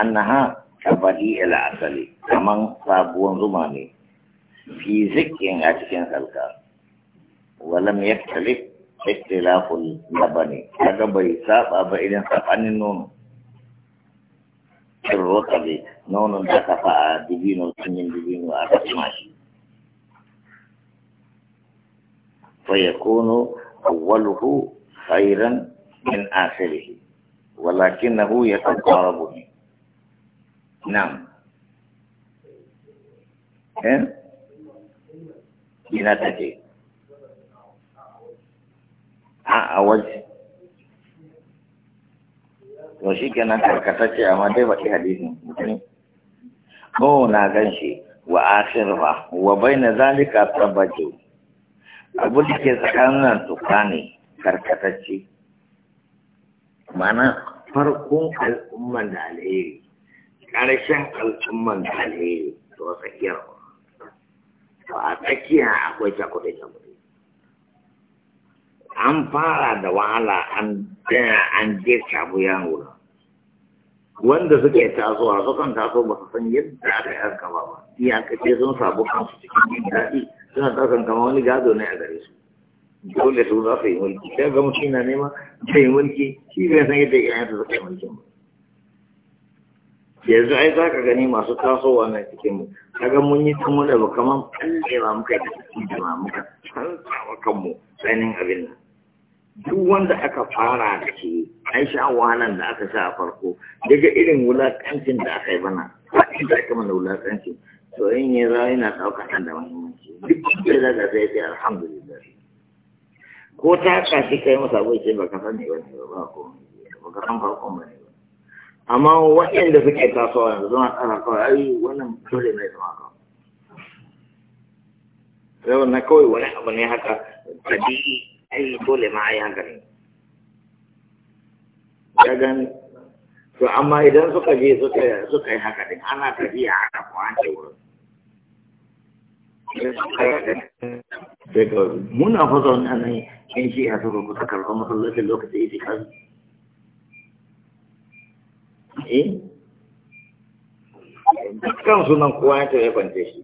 أنها كبديء العسل كمان صابون رماني في زكي أتكين خلقا ولم يختلف اختلاف اللبني هذا بيساب أبا إذن سبعن النون في نون تكفى دبين السنين دبين وأتسماشي فيكون أوله خيرا من آخره ولكنه يتقارب Enam. Eh? Bila tadi. A awal. Wasu kenan karkata ce amma dai baki hadisin. Ko na gan shi wa akhirha wa baina zalika tabaju. Abu da ke tsakanin tuka ne karkatacce. Mana farkon al'umman da alheri ƙarshen al'umman alheri to a tsakiyar ba a tsakiya akwai cakuɗe cakuɗe an fara da wahala an an je shabu ya wura wanda suke tasowa sukan taso ba su san yadda aka yi alkama ba iyakace sun sabu kansu cikin yin daɗi suna tasan kama wani gado ne a gare su dole su za su yi mulki sai ga mutum na nema zai mulki shi zai san yadda ya yi ta suka yi mulkin ba yanzu ai za ka gani masu tasowa na cikin mu kaga mun yi tun da ba kamar muka yi cikin muka canzawa kanmu tsanin abin nan duk wanda aka fara da shi an sha wahalan da aka sha a farko daga irin wulakancin da aka yi bana ba da aka mana wulakancin to in ya za yana ɗaukar nan da muhimmanci duk da za ka sai sai alhamdulillah ko ta kashi kai masa bai ce ba ka sani ba ne ba ko ba ka san farkon ba ne amma waɗanda suke tasowa yanzu zama ƙara kawai ai wannan dole mai zama ka sai na kawai wani abu ne haka tabi'i ai dole ma ai haka ne ya gani to amma idan suka je suka yi haka din ana tafiya a ko an ce wurin muna fasa wani anan yan shi a suka kusa karfa masallacin lokacin kan eh dukkan sunan kowa ya tafi kwance shi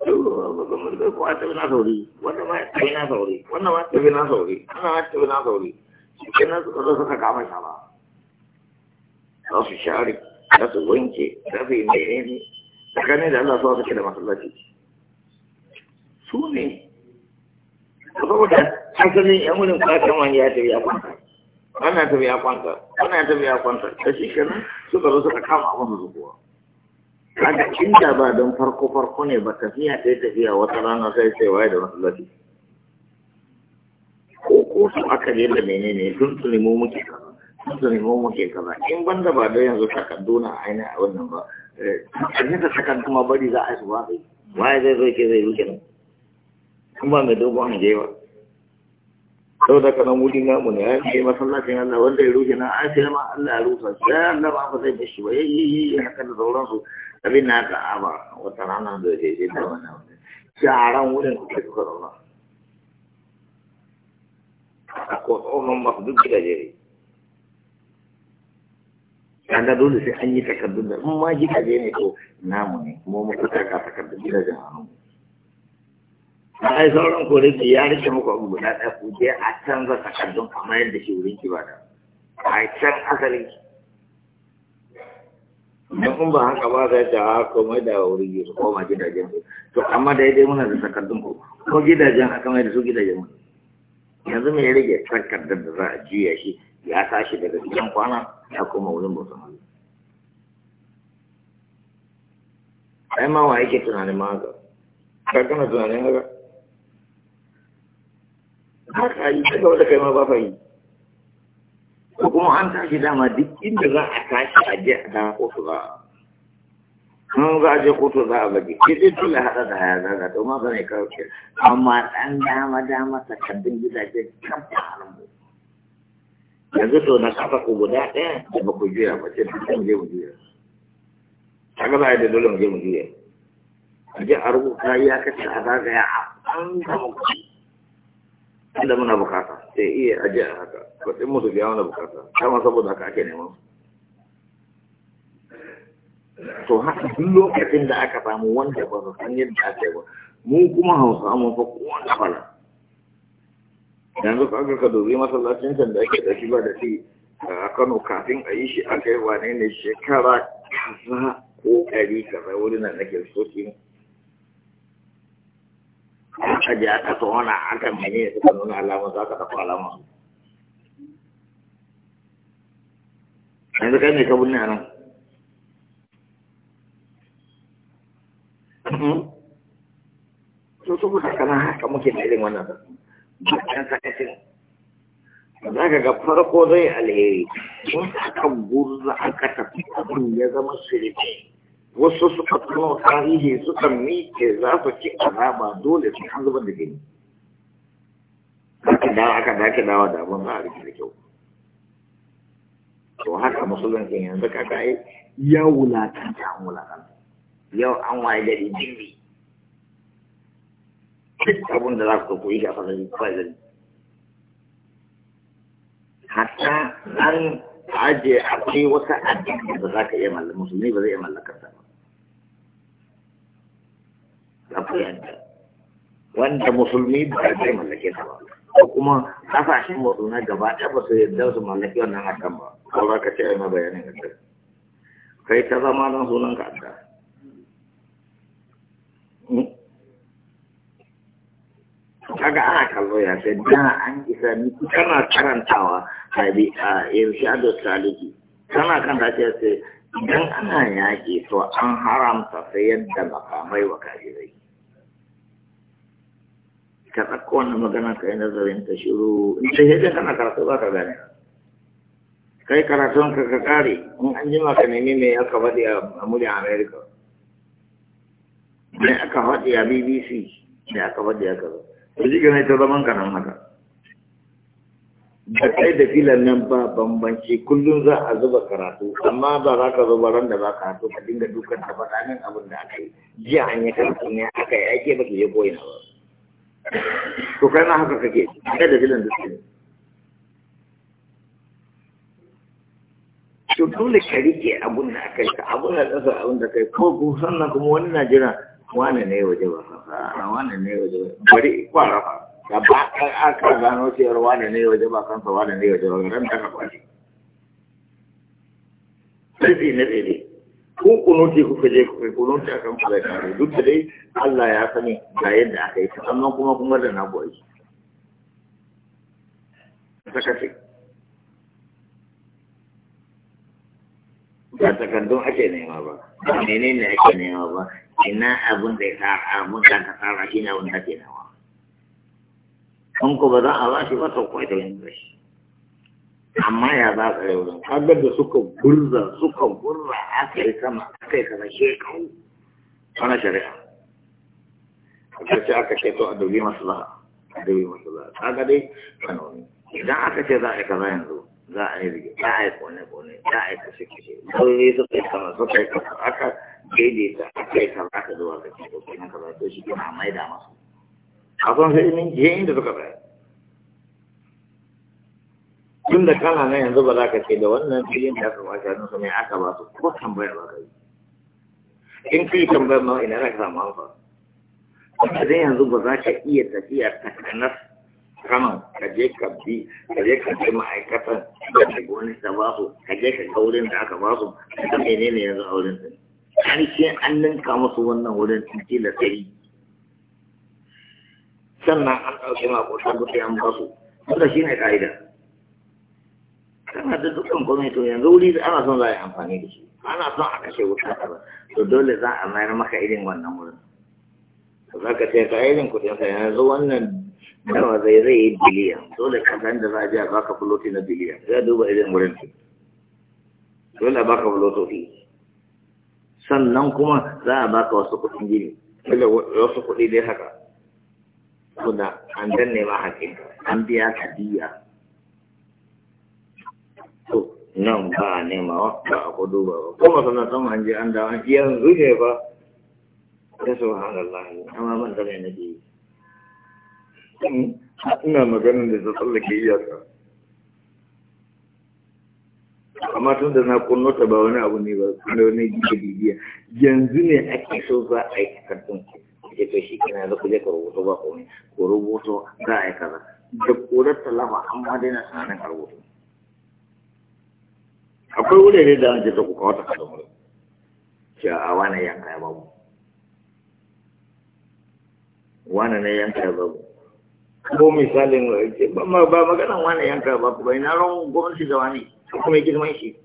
tafi na sauri tafi na sauri tafi na sauri tafi na sauri su su wanke su da masallaci ne saboda hankalin yan wurin kwakan ya tafi ya kwanta wannan tafi ya kwanta wannan tafi ya kwanta da shi kenan suka zo suka kama abin zuwa kaga inda ba don farko farko ne ba tafiya sai tafiya wata rana sai sai waye da masallaci ko ko su aka je da menene sun tuni nemo muke kaza sun su nemo muke kaza in banda ba don yanzu takadduna na aina a wannan ba eh, a ne da takardu ma bari za a yi su ba waye zai zo ke zai yi nan? kuma mai dogon hanjewa sau da kanan wuri namu ne ya yi masallacin Allah wanda ya rufe na Allah ya rusa ya Allah ba zai bashi ba yayi yi haka da sauransu abin na ka aba wata rana da da wannan sharan wurin kuka zauna ko duk ne da dole sai an yi takardun da in ma gidaje ne ko namu ne kuma mu kuka ka takardun gidajen hannu ai sauran kore da ya rike muku abu guda ɗaya ku je a canza takardun kamar yadda shi wurin ki ba da a can asalin ki don kun ba haka ba zai ta ah, mai da wurin ki su koma gidajen ku to amma daidai muna da takardun ku ko gidajen aka mai da su gidajen mu yanzu me ya rage takardar da za a juya shi ya tashi daga cikin kwana ya koma wurin bautan Allah ai ma wa yake tunanin ma haka ka tunanin haka haka yi daga wata kai ma ba fahimci ko kuma an tashi dama duk inda za a tashi a je a dama kotu ba kuma za a je kotu za a bage ke zai tula haɗa da haya zaga to ma zane kawace amma ɗan dama dama takardun gidaje kan faharin mu yanzu to na kafa ku guda ɗaya da ba ku juya ba ce duk mu je mu juya ta gaba da dole mu je mu juya a je a rubuta ya kace a zagaya a an gama kuɗi inda muna bukata sai eh, iya ajiye a haka kudin musu biya wani bukata kama saboda haka ake neman to haka duk lokacin da aka samu wanda ba su san yadda ake ba mu kuma hausa mun fa kowanne fara yanzu ka aka ka dozi masallacin can da ake da shi ba da shi a Kano kafin a yi shi a kai wane ne shekara kaza ko ɗari kaza wurin nan nake so shi aka je aka tona aka mene suka nuna alamun za ka tafi alamun yanzu kai ne ka bunne a nan hmm? to su haka nan haka muke da irin wannan bayan sa'atin ba za ka ga farko zai alheri in aka gurza aka tafi abin ya zama shirin. wasu suka kuma tarihi suka miƙe za su ci alama dole su an zubar da gini aka dawa aka dake dawa da abin ba a da kyau to haka musulunci yanzu kaka kai ya wulatanta an wulatanta yau an waye gari jimbi duk abin da za ku koyi ga fasari fasari hatta an aje akwai wata addini da za ka iya mallaka musulmi ba zai iya mallakar ta kafa yadda wanda musulmi ba kai mallake ta ba ko kuma kasashen musulmai gaba ɗaya ba su yadda su mallaki wannan hakan ba ko za ka ce ai ma bayanin hakan kai ta zama nan sunan ka adda hmm? kaga ana kallo ya sai da an isa ni kana karantawa tabi a irshadu saliki kana kan ta ce idan ana yaƙi to an haramta sayar da makamai wa kaji ka ɗauko wannan magana ka yi nazarin ta shiru in ta hidin kana karatu ba ka gane kai karatun ka ka kare in an jima ka nemi me aka faɗi a muryar america me aka faɗi a bbc me aka faɗi a kaza ta ji gane ta zaman ka nan haka da kai da filan nan ba bambanci kullum za a zuba karatu amma ba za ka zuba ran da ba karatu ka dinga dukan ta faɗa min abin da aka yi jiya an yi karatu ne aka yi ake ba ke je koyi na ba to kai ma haka kake kai da filin da suke to dole ka rike abun da aka yi abun da aka abun da kai ko ku sannan kuma wani na jira wane ne waje ba kansa wane ne waje ba bari kwara fa ba ka aka gano cewa wane ne waje ba kansa wane ne waje ba ran da ka kwashi sai ne ne ko ke kuka je kuka kuno ta kan kuka tare duk da dai Allah ya sani ga yadda aka yi sannan kuma kuma da na boye sakati ba don ake nema ba ba menene ake nema ba ina abun da ka tsara abun da ka tsara shi ne abun da ke nawa kun ko ba za a ba shi ba to da yin shi amma ya za tsare wurin kagar da suka burza suka burza a kai sama a kai kama shekaru wani shari'a a ce aka ce to a dubi masu za a dubi masu a kaga dai kanoni idan aka ce za a yi kaza yanzu za a yi rige za a yi kone kone za a yi kashe kashe lauyoyi suka yi sama suka yi kasa aka daidaita a kai kama aka zuwa ga cikin suka bayar tun da kana nan yanzu ba za ka ce da wannan filin da aka kwashe hannunsa mai aka ba su ko tambayar ba ka yi in kai tambayar ma ina za ka samu hanfa kuma yanzu ba za ka iya tafiya takanas kanan ka je ka bi ka je ka bi ma'aikatan da ta goni da ba su ka je ka ga wurin da aka ba su ka menene yanzu a wurin din An ce an ninka musu wannan wurin titi da sai sannan an ɗauki maƙotan gudu an ba su wanda shi ne ƙa'ida kana da dukkan komai to yanzu wuri da ana son za a yi amfani da shi ana son a kashe wuta ba, to dole za a mayar maka irin wannan wurin za ka ce ka irin kuɗin ka yanzu wannan nawa zai zai yi biliyan dole ka san da za a je a baka fuloti na biliyan za duba irin wurin ki dole a baka fulotofi sannan kuma za a baka wasu kuɗin gini dole wasu kuɗi dai haka kuna an danne ma hakinka an biya ka biya. nan ba nema ba a kudu ba kuma sannan hanji an da an ba ya so ha ta subhanallah amma man da ne nake ina maganin da ta tsallake ka amma tun da na kunno ta ba wani abu ne ba ne wani gida bibiya yanzu ne ake so za a yi takardun ke to shi kina da kuje ka rubuto ba ne ko rubuto za a yi kaza da kodar talama amma dai na sanin a akwai wurare da an jita kuka wata kada wurin cewa a wani yanka ya babu wani ne yanka ya babu ko misalin ba maganan wani yanka ba babu bai na ran gwamnati da wani kuma ya shi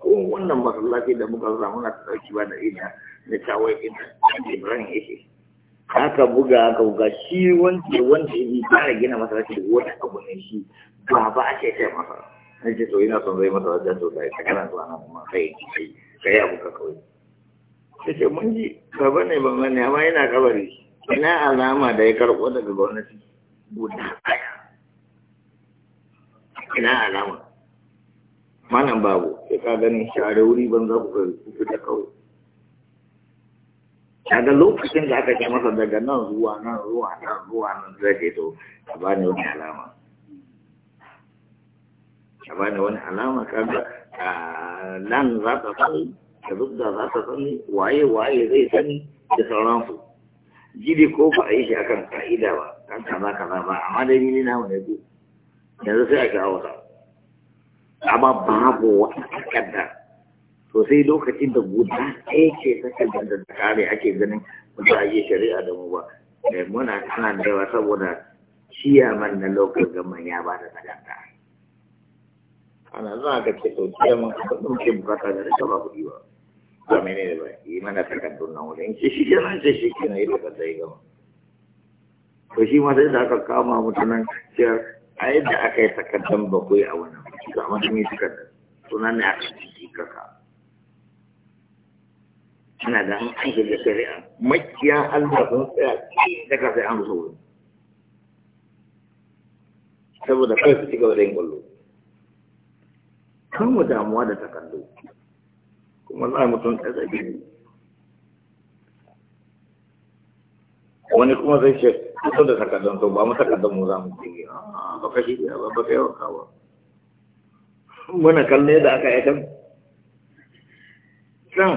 ko wannan masallaci da muka zama muna ɗauki ba da ina da tawai ina ibrahim yake aka buga aka buga shi wanda wanda ya fara gina masallaci wata abu ne shi ba ba a ce sai masa sai ce to ina son zai masa wajen to sai kana zuwa nan kuma sai kai abu ka kawai sai ce mun ji gaba ne ba mani amma yana kabari ina alama da ya karɓo daga gwamnati guda ɗaya ina alama malam babu ya ka gani share wuri ban za ku fita kawai kaga lokacin da aka ce masa daga nan zuwa nan zuwa nan zuwa nan zai to ka bani wani alama ka ba da wani alama a nan za ta sani ka zubda za ta sani waye waye zai sani da sauransu gidi ko ba a yi shi akan ka'ida ba kan kaza kaza ba amma dai ni na wani biyu yanzu sai a kawo sa amma babu a takarda to sai lokacin da guda ɗaya ce takardar da kare ake ganin ba a yi shari'a da mu ba eh, muna tana da yawa saboda ciyaman na lokacin gama ya ba da takarda ana za ka ce to ce mun kudin ke bukata da rika ba kudi ba ba mene ne ba yi mana takardun nan wajen ce shi ke nan ce shi ke nan yi takarda yi to shi ma sai da aka kama mutanen ce a yadda aka yi takardan bakwai a wannan kuci ga amma sun yi takarda sunan ne aka ciki kaka ina da an an shiga shari'a makiya Allah sun tsaya daga sai an rusa wurin saboda kai su ci gaba da yin kwallo kan damuwa da kallo kuma za mutum tun tsaye ne wani kuma zai ce kusa da takardun to ba mu takardun mu za mu ce ba kashi biya ba ba kai wanka ba muna kalle da aka yi kan can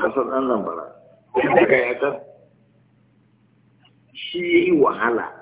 kasar ɗan zambara aka yi kan shi yi wahala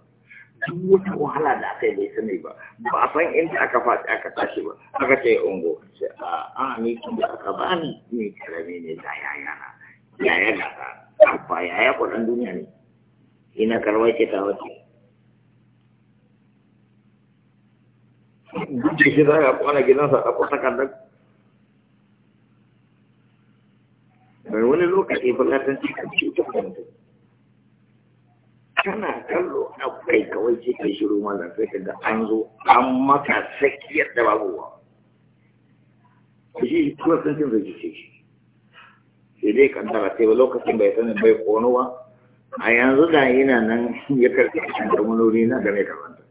duk wata wahala da aka yi bai sani ba ba a san inda aka faɗi aka tashi ba aka ce ungo a ni tun da aka ba ni ni karami ne da yaya na yaya da ta ba yaya kuɗin duniya ne ina karwai ce ta wata duk da shi za ka kwana gidansa a kwasa kandar wani lokaci fulatanci kan cutar da mutum kana kallo akwai kawai ce ka shiru mana sai ka ga an zo an maka sakiyar da babu wa shi kuma sun cin zai ce shi sai dai kankara sai ba lokacin bai sanin bai konuwa. a yanzu da yana nan ya karfi a cikin kamunori na game da wanda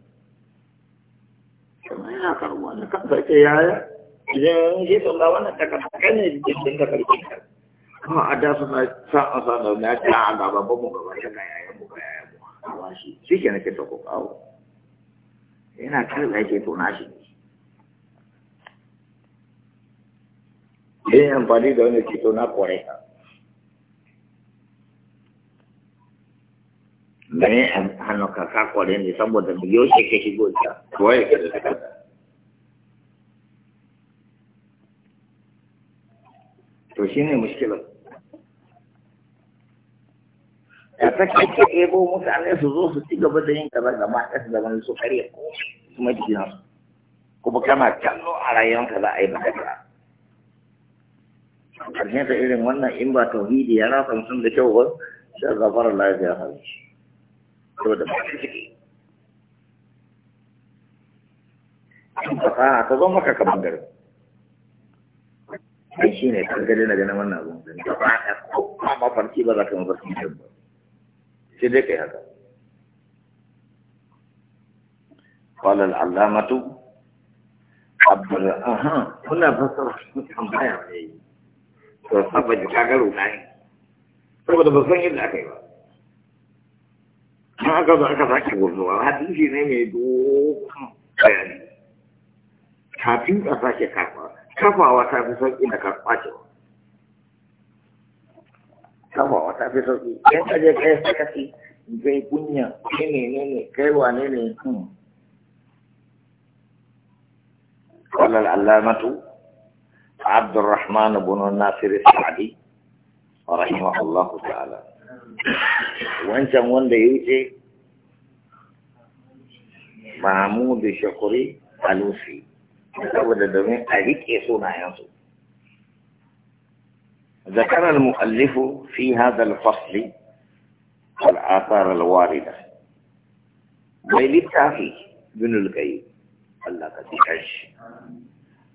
kuma yana karuwa na kansa ke yaya idan shi sun ba wannan takarda ne jikin da karfi kuma a da suna sa'a sa'a da na ta a gaba babu gaba shi ga yayin a bashi shi ke nake ta ko kawo yana karɓa yake to na shi yin amfani da wanda ke to na ka me hannu ka ka ne saboda mu yau ke ke shigo ta kuwa ya ke da takarda to shi ne mushkilar da kake ke ebo mutane su zo su ci gaba da yin kaza da ɗaya da zama su karya ko su mai jikin kuma kana kallo a rayuwarka za a yi maka da ƙarshen ta irin wannan in ba tauhidi ya rasa mutum da kyau ba sai gafara lafiya hannu to da ba ciki fasaha ta zo maka kamar garin ai shi ne kan gari na ganin wannan abin da ba a ɗaya ko ma mafarki ba za ka mafarki ba sai dai kai haka قال العلامة عبد أها هنا فسر tambaya ba aka yi ba an aka zo aka sake gurzuwa hadisi ne mai dokan bayani kafin a sake kafawa kafawa ta fi sauƙi da karɓa kafa wata fi sauki yan kaje kai sakati kai kunya kai ne ne ne kai wane ne قال العلامة عبد الرحمن بن الناصر السعدي رحمه الله تعالى wancan wanda ya wuce Mahmud Shakuri Alusi saboda domin a rike sunayensu ذكر المؤلف في هذا الفصل الآثار الواردة ويلتاهي بن القيب الله قد يحج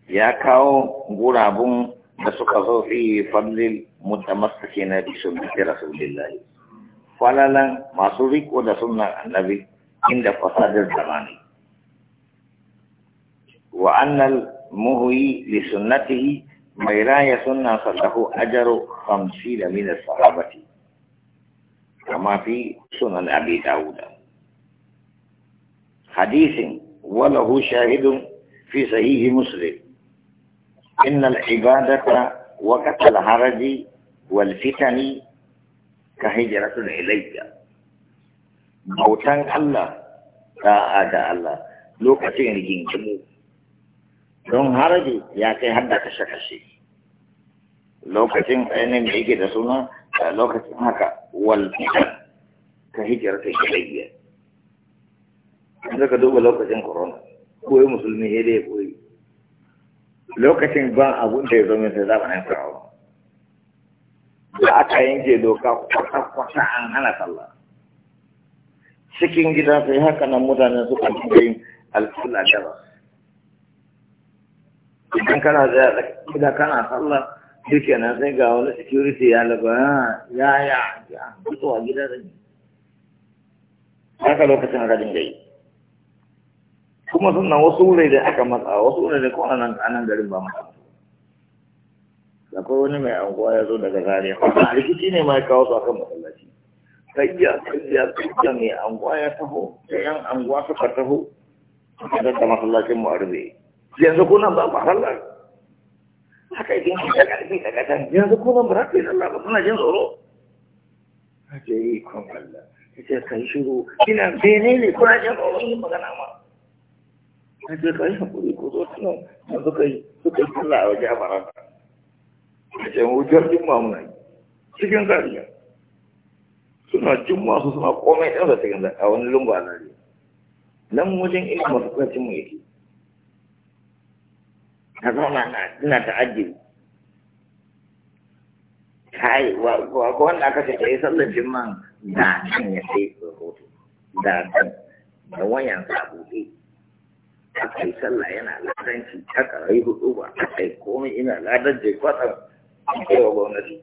يا كاو غراب بسقظه في فضل المتمسكين بسنة رسول الله فلا لن ما سبق ودسنة النبي عند فساد الزمان وأن المهوي لسنته ميراية سنة فله أجر خمسين من الصحابة كما في سنن أبي داود حديث وله شاهد في صحيح مسلم إن العبادة وقت الحرج والفتن كهجرة إلي موتان الله تاعة الله لوكتين جنجمو don haraji, ya kai hada da kashe-kashe lokacin ainihin da yake da suna lokacin haka walfitan ta hijirar ta shirayya yanzu ka duba lokacin corona koyi musulmi ya dai koyi lokacin ban abun da ya zama sai zaba na firawa da aka yanke doka kwata-kwata an hana sallah cikin gida sai haka nan mutane suka yin alfula da ba idan kana tsaya da kana sallah shi kenan sai ga wani security ya laba ah, ya ya ya fito a gida da haka lokacin rajin gai kuma sannan wasu wuri da aka matsa wasu wuri da kuma nan anan garin ba masa akwai wani mai anguwa ya zo daga ya kuma rikici ne ma ya kawo su akan masallaci kayya kayya kayya mai anguwa ya taho da yan anguwa suka taho suka da masallacin mu a rubuce yanzu kuna ba ba Allah haka idan shi daga ƙarfi daga can yanzu kuna ba rafi Allah ba muna jin tsoro Ake yi kon Allah Ake kai shiru ina bene ne kuna jin tsoro yin magana ma ce kai hakuri ko zo tuno yanzu kai suka yi Allah a waje a faranta ce mu jirgin mamuna cikin zariya suna cin masu suna komai ɗansa cikin zariya a wani lungu a zariya nan wajen ina masu kwacin mu yake na zauna ina ta ajiye kai wa ko wanda aka ce yi sallar jimman da nan ya sai rahoto da nan da wayan sabuɗe aka yi sallah yana ladanci aka yi hudu ba aka yi komai ina ladan je kwatsam ake wa gwamnati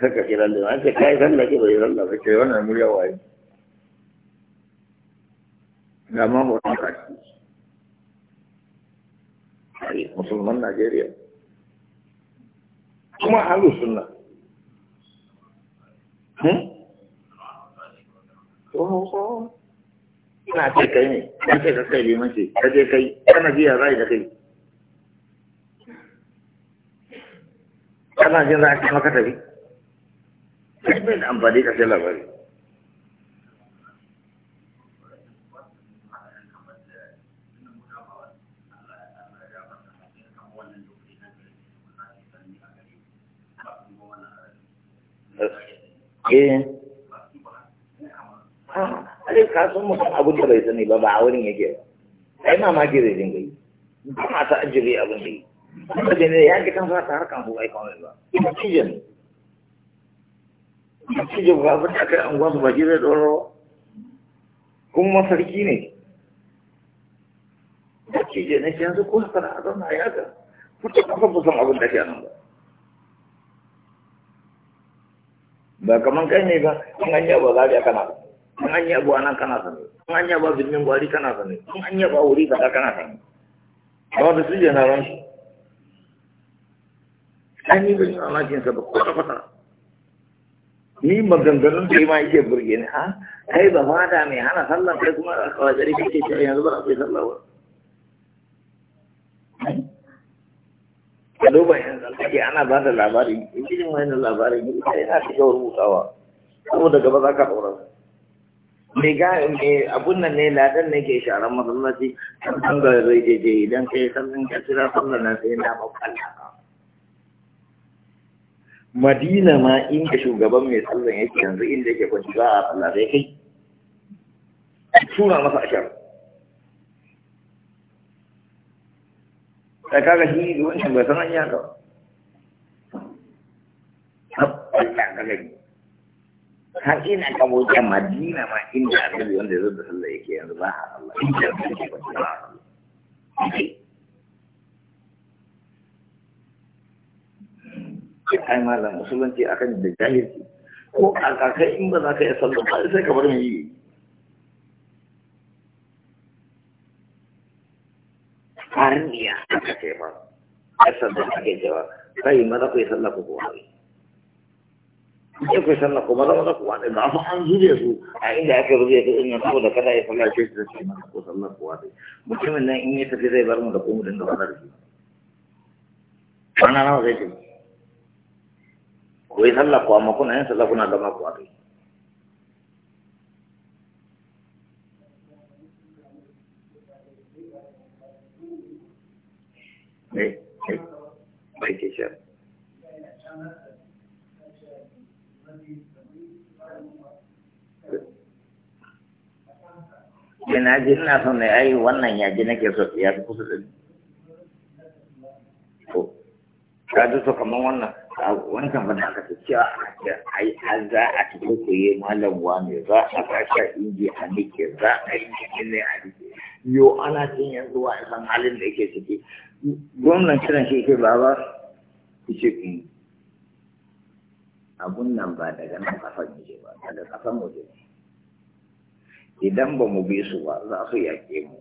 suka kira da an ce yi sallah ke bai sallah ba ke wannan murya waye ga ma mutum kashi musulman Najeriya kuma halu sunna hmm? ina ce kai ne ya ce ka kai liman ce ka je kai kana biya zai da kai kana jin za a ci maka tafi kai bai da amfani ka sai labari eh a ah, kasan mu abun da bai sani ba ba a wurin yake ma ai ke da dinga yi ba ma ta ajiye abin da yi kuma da ne ya ga kan fata harkan su ai kawai ba ina cijin cijin ba abin da kai an gwasu baki zai ɗoro kuma sarki ne cijin ne yanzu ko haka na zauna ya ga kuta kafa busan abun da ke nan ba ba kaman kai ne ba in an yaba zaria kana sani in an yaba nan kana sani in an yaba birnin gwari kana sani in an yaba wuri kaza kana sani ba da su jana ran shi an yi bin mamakin sa ba kwata kwata ni maganganun da yi ma yake burge ni ha ah, kai ba fada mai hana sallah kai kuma a kawai gari kake cewa yanzu ba za ku sallah ba ka duba yanzu alhaji ana ba da labarin irin wani labarin ita yana shiga rubutawa saboda gaba za ka ɗora me ga me abun nan ne ladan ne ke sharan masallaci kan san ga zai idan kai sallan ka kira sallan nan sai na Madina ma inda shugaban mai sallan yake yanzu inda yake kwanci ba a sallah sai kai tura masa ashirin da kaga shi wannan bai san an yaka ba Allah ka gani har ina ka madina ma inda annabi wanda ya da sallah yake yanzu ba ha Allah inda yake ba Allah ai malam musulunci akan da jahilci ko a kakai in ba za ka yi sallah ba sai ka bar mu yi harniya aka ce ma kasar da ake cewa kai maza ku sallah ku kuwa ne ya sallah ku maza maza ku wa ne ga an zube su a inda aka rubuta ta inda da kada ya sallah ce su ce masa ku sallah ku wa mutumin nan in ya tafi zai bar mu da kuma dinga wani rubuta kwana nawa zai ce ku yi sallah ku amma kuna yin sallah kuna zama ku wa eh bai ke sha Ina ji ina son ne ai wannan yaji nake so ya fi kusa da ni, to ka ji so kamar wannan wancan ba da aka ce cewa ai a za a ci ko yi malam wani za a kashe inji a nike za a yi ne a nike yo ana cin yanzu wa san halin da yake ciki gwamnan kiran shi ke baba ku ce ku abun nan ba daga nan kasan waje ba daga kasan mu ne idan ba mu bi su ba za su yaƙe mu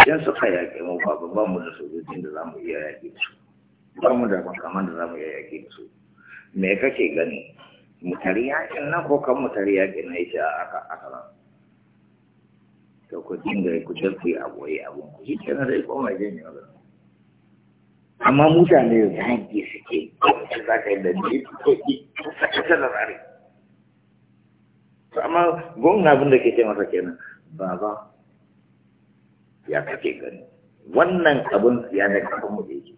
idan suka yaƙe mu ba ba mu da sojojin da za mu iya yaƙe su ba mu da makaman da za mu iya yaƙe su me kake gani mu tari yaƙin nan ko kan mu tari yaƙin na a aka aka da ku dinga ku dafe a boye abun ku shi kenan zai koma jin yau amma mutane zagi suke kwanci za ka yi da ni, ko ta da rari amma gwamna abin da ke ce masa kenan baba ya kake gani wannan abin ya ne kafin mu da yake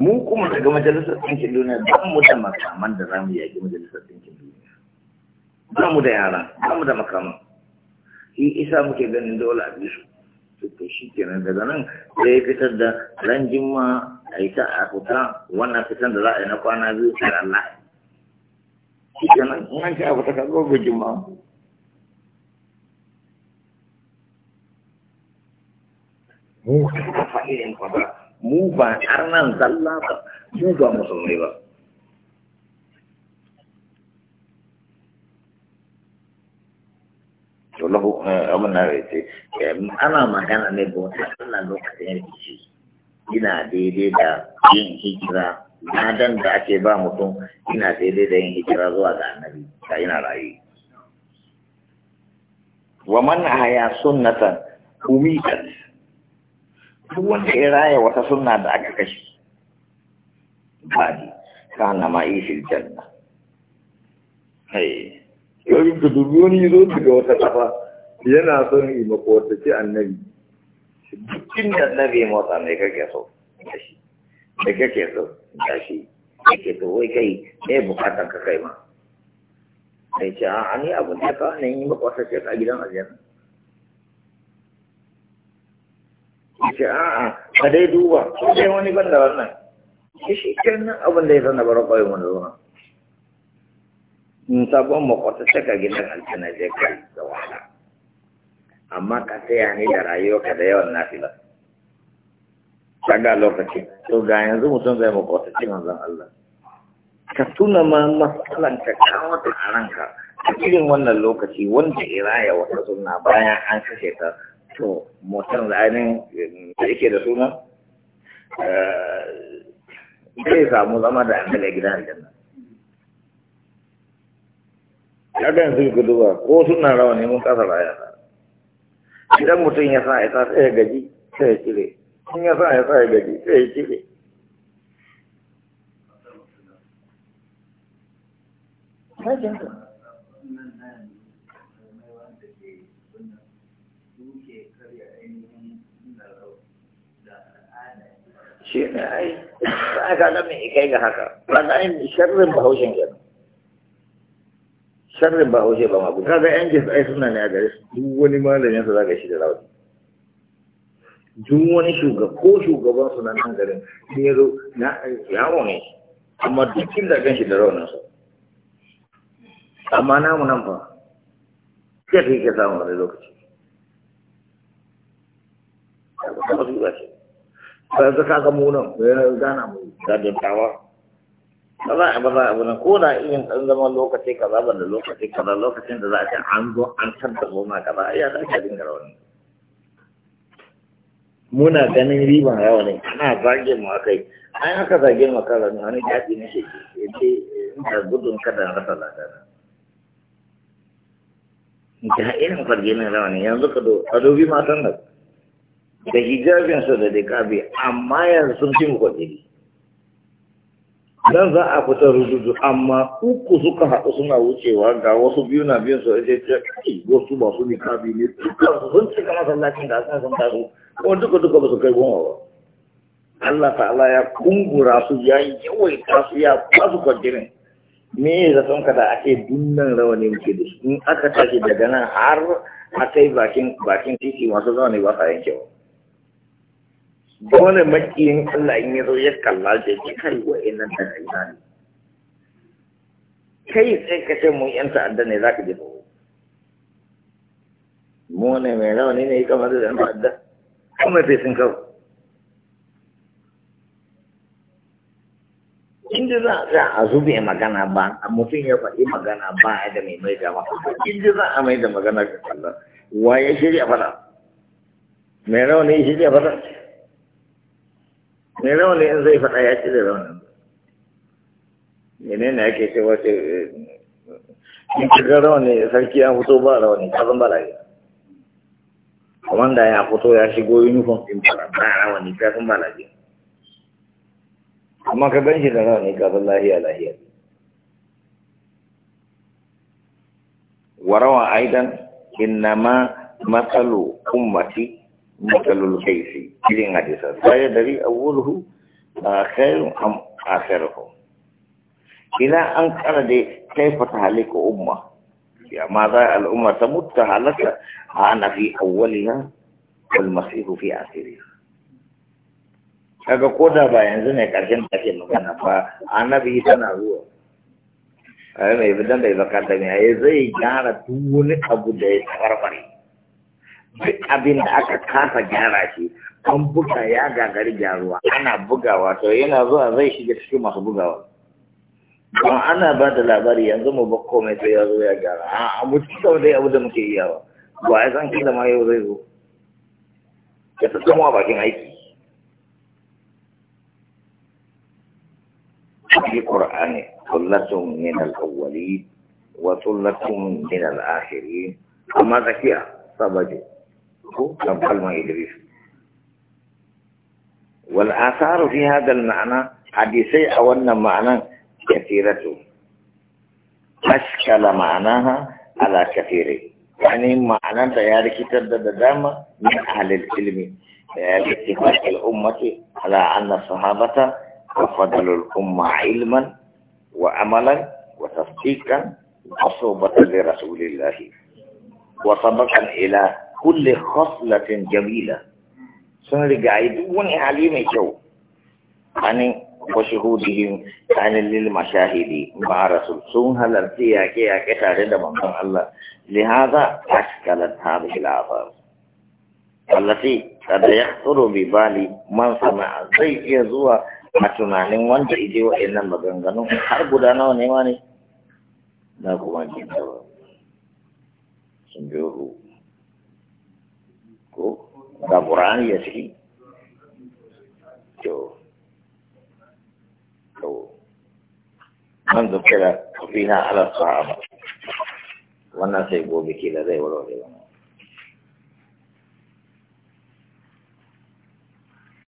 mu kuma daga majalisar ɗinkin duniya don mu da makaman da za mu yaƙi majalisar ɗinkin duniya ba mu da yara ba mu da makaman shi isa muke ganin dole a su to shi kenan daga nan sai fitar da ran jimma a yi ta a fita wannan fitan da za a yi na kwana biyu a Allah shi kenan in an ci a fita ka gogo jimma mu ka ba mu ba arnan zalla ba mu ba musulmai ba to lahu abin na ana magana ne bauta Allah lokacin rikici ina daidai da yin hijira ladan da ake ba mutum ina daidai da yin hijira zuwa ga annabi ta ina rayu wa man haya sunnatan umikat duk wanda ya raya wata sunna da aka kashe Yau ka dubi wani zo daga wata kafa yana son yi ce annabi. Dukkin da annabi motsa mai kake so. Da kake so da shi. Kake to wai kai ne bukatar ka kai ma. Sai ce a ni abin da ka ne yi makotaci a gidan aljanna. ce a'a ka dai duba ko dai wani ban da wannan shi shi kenan abin da ya zanna bar ƙwayo mana zuwa ka sabon ka tɛnɛ gidan ka zai kai da wahala amma ka saya ne da ka da yawan nafila kaga lokaci to ga yanzu mutum zai makwata cin manzon Allah ka tuna ma matsalan ka kawo ta a ranka a cikin wannan lokaci wanda iraya wata sunna bayan an kashe ta to mutum da ainihin da yake da suna ya eh, samu zama da an gidan aljanna Oh, ya ga yanzu ga duba ko suna rawa ne mun kasa raya idan mutum ya sa ya sa sai ya gaji sai ya cire in ya sa ya sa ya gaji sai ya cire shi ne ai ka ga mai kai ga haka ba na yin sharrin bahaushen kenan sharrin ba hoshe ba magu kaga yan jins ai suna ne a gare su duk wani malamin su zaga shi da rawani duk wani shugaba ko shugaban su nan nan garin sun ya zo na yawo ne amma dukkin da gan shi da rawanin su amma namu nan fa sai kai ka samu wani lokaci ba su ba ce ba su kaga munan nan ga gana mu ga dattawa ba a ba za a wurin ko da irin ɗan zama lokaci kaza ba da lokaci kaza lokacin da za a ce an zo an san da goma kaza ai ya za ka dinga rawan muna ganin riban yawa ne ana zage mu akai an aka zage mu kaza ne wani jaɗi na shi ya ce da gudun kada na rasa ladana ga irin farginin rawani yanzu ka do a dubi matan nan da hijabinsu da dikabi amma yanzu sun fi mu kwajiri dan za a fita rududu amma uku suka haɗu suna wucewa ga wasu biyu na biyan su a ce kai wasu ba su nikabi ne dukkan su sun cika masallacin da sun san taso kuma duka duka ba su kai goma ba Allah ta'ala ya kungura su ya yawaita su ya ba su me ya zaton ka da ake dunnan rawani muke da su in aka tashi daga nan har a kai bakin titi masu zaune ba sa yankewa dole makiyin Allah in ya ya kalla da ke kai wa inna da ina kai sai ka ce mun yanta adda ne zaka ji tsoro mu ne mai rauni ne kamar da yan adda kuma sai sun kawo inda za za a zube magana ba a mutum ya faɗi magana ba da mai mai gama maka inda za a mai da magana ga kallon wa ya shirya fata mai rauni shirya fata mai rauni in zai faɗa ya ci da raunin mene ne ake ce wace in ga raunin sarki ya fito ba raunin ta zan balaye komanda ya fito ya shigo uniform din ba rauni ta zan balaye amma ka gan shi da rauni ka zan lahiya lahiya warawa aidan innama matsalu ummati مثل الجيش كلين حديثا فهي دري أوله آخر أم آخره إلى أن قال دي كيف تهلك أمة يا ماذا الأمة تموت تهلك أنا في أولها والمسيح في آخرها kaga ko da ba yanzu ne karshen da ake magana ba annabi tana zuwa ai mai bidan da ibaka da ne zai gyara duk wani abu da ya tsarfare duk abin da aka kasa gyara shi an buga ya gagari gyaruwa ana bugawa to yana zuwa zai shiga cikin masu bugawa don ana ba da labari yanzu mu ba komai sai ya zo ya gyara a abu sau dai abu da muke iyawa ba ya san kila ma yau zai zo ya samu a bakin aiki في القرآن ثلة wa الأولين وثلة من الآخرين amma ذكية سبجت تبقى كلمة والآثار في هذا المعنى حديثي أولنا معنى كثيرة أشكل معناها على كثير يعني معنى تياري كتاب داما من أهل العلم لاتفاق الأمة على أن الصحابة وفضل الأمة علما وعملا وتصديقا وصوبة لرسول الله وسبقا إلى كل خصلة جميلة سنة رجعي دون إعليم جو يعني وشهودهم يعني للمشاهد مع رسول سونها لرسيها كيها كيها رد من الله لهذا أشكلت هذه الآثار التي قد يخطر ببالي من سمع زي يزوى أتنا نوان جيجيو إلا مبنغنو حرب دانا ونواني ناكو ما جيجيو سنجوهو ko ga ya ciki to to man zukira fiha ala sahaba wannan sai gobe kila zai warware ba